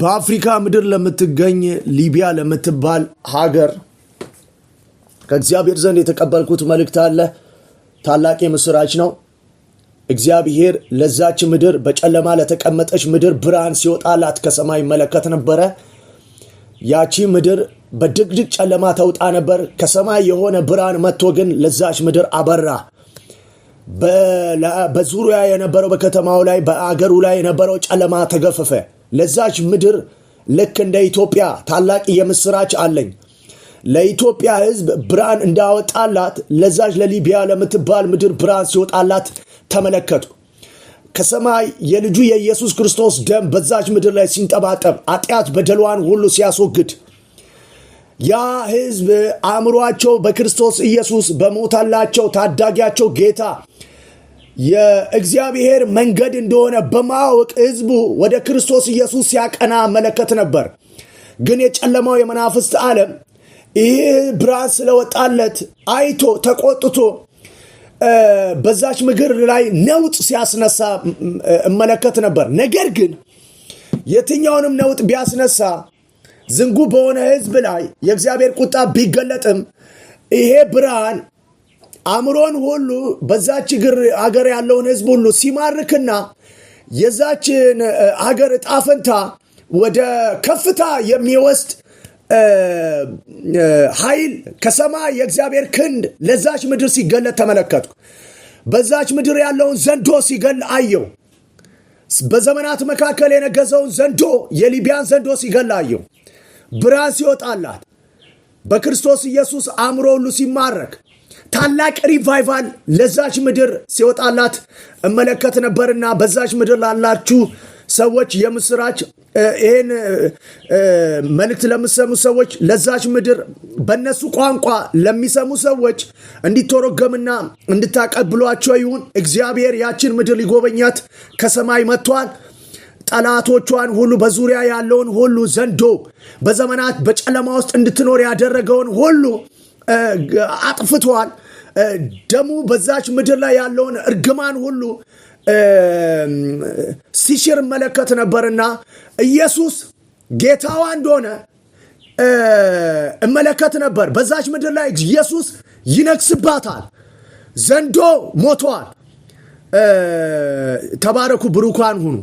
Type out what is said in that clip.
በአፍሪካ ምድር ለምትገኝ ሊቢያ ለምትባል ሀገር ከእግዚአብሔር ዘንድ የተቀበልኩት መልእክት አለ። ታላቅ የምስራች ነው። እግዚአብሔር ለዛች ምድር በጨለማ ለተቀመጠች ምድር ብርሃን ሲወጣላት ከሰማይ መለከት ነበረ። ያቺ ምድር በድቅድቅ ጨለማ ተውጣ ነበር። ከሰማይ የሆነ ብርሃን መጥቶ ግን ለዛች ምድር አበራ። በዙሪያ የነበረው በከተማው ላይ በአገሩ ላይ የነበረው ጨለማ ተገፈፈ። ለዛች ምድር ልክ እንደ ኢትዮጵያ ታላቅ የምስራች አለኝ። ለኢትዮጵያ ህዝብ ብርሃን እንዳወጣላት ለዛች ለሊቢያ ለምትባል ምድር ብርሃን ሲወጣላት ተመለከቱ። ከሰማይ የልጁ የኢየሱስ ክርስቶስ ደም በዛች ምድር ላይ ሲንጠባጠብ አጥያት በደልዋን ሁሉ ሲያስወግድ ያ ህዝብ አእምሯቸው በክርስቶስ ኢየሱስ በሞታላቸው ታዳጊያቸው ጌታ የእግዚአብሔር መንገድ እንደሆነ በማወቅ ህዝቡ ወደ ክርስቶስ ኢየሱስ ሲያቀና መለከት ነበር። ግን የጨለማው የመናፍስት ዓለም ይህ ብርሃን ስለወጣለት አይቶ ተቆጥቶ በዛች ምግር ላይ ነውጥ ሲያስነሳ እመለከት ነበር። ነገር ግን የትኛውንም ነውጥ ቢያስነሳ ዝንጉ በሆነ ህዝብ ላይ የእግዚአብሔር ቁጣ ቢገለጥም ይሄ ብርሃን አእምሮን ሁሉ በዛች ግር አገር ያለውን ህዝብ ሁሉ ሲማርክና የዛችን አገር ዕጣ ፈንታ ወደ ከፍታ የሚወስድ ኃይል ከሰማይ የእግዚአብሔር ክንድ ለዛች ምድር ሲገለጥ ተመለከትኩ። በዛች ምድር ያለውን ዘንዶ ሲገል አየው። በዘመናት መካከል የነገሰውን ዘንዶ የሊቢያን ዘንዶ ሲገል አየው። ብርሃን ሲወጣላት በክርስቶስ ኢየሱስ አእምሮ ሁሉ ሲማረክ ታላቅ ሪቫይቫል ለዛች ምድር ሲወጣላት እመለከት ነበርና በዛች ምድር ላላችሁ ሰዎች የምስራች ይህን መልእክት ለምሰሙ ሰዎች ለዛች ምድር በእነሱ ቋንቋ ለሚሰሙ ሰዎች እንዲተረጎምና እንድታቀብሏቸው ይሁን። እግዚአብሔር ያችን ምድር ሊጎበኛት ከሰማይ መጥቷል። ጠላቶቿን ሁሉ በዙሪያ ያለውን ሁሉ ዘንዶ በዘመናት በጨለማ ውስጥ እንድትኖር ያደረገውን ሁሉ አጥፍቷል። ደሙ በዛች ምድር ላይ ያለውን እርግማን ሁሉ ሲሽር መለከት ነበርና ኢየሱስ ጌታዋ እንደሆነ እመለከት ነበር። በዛች ምድር ላይ ኢየሱስ ይነግስባታል። ዘንዶ ሞተዋል። ተባረኩ፣ ብሩካን ሁኑ።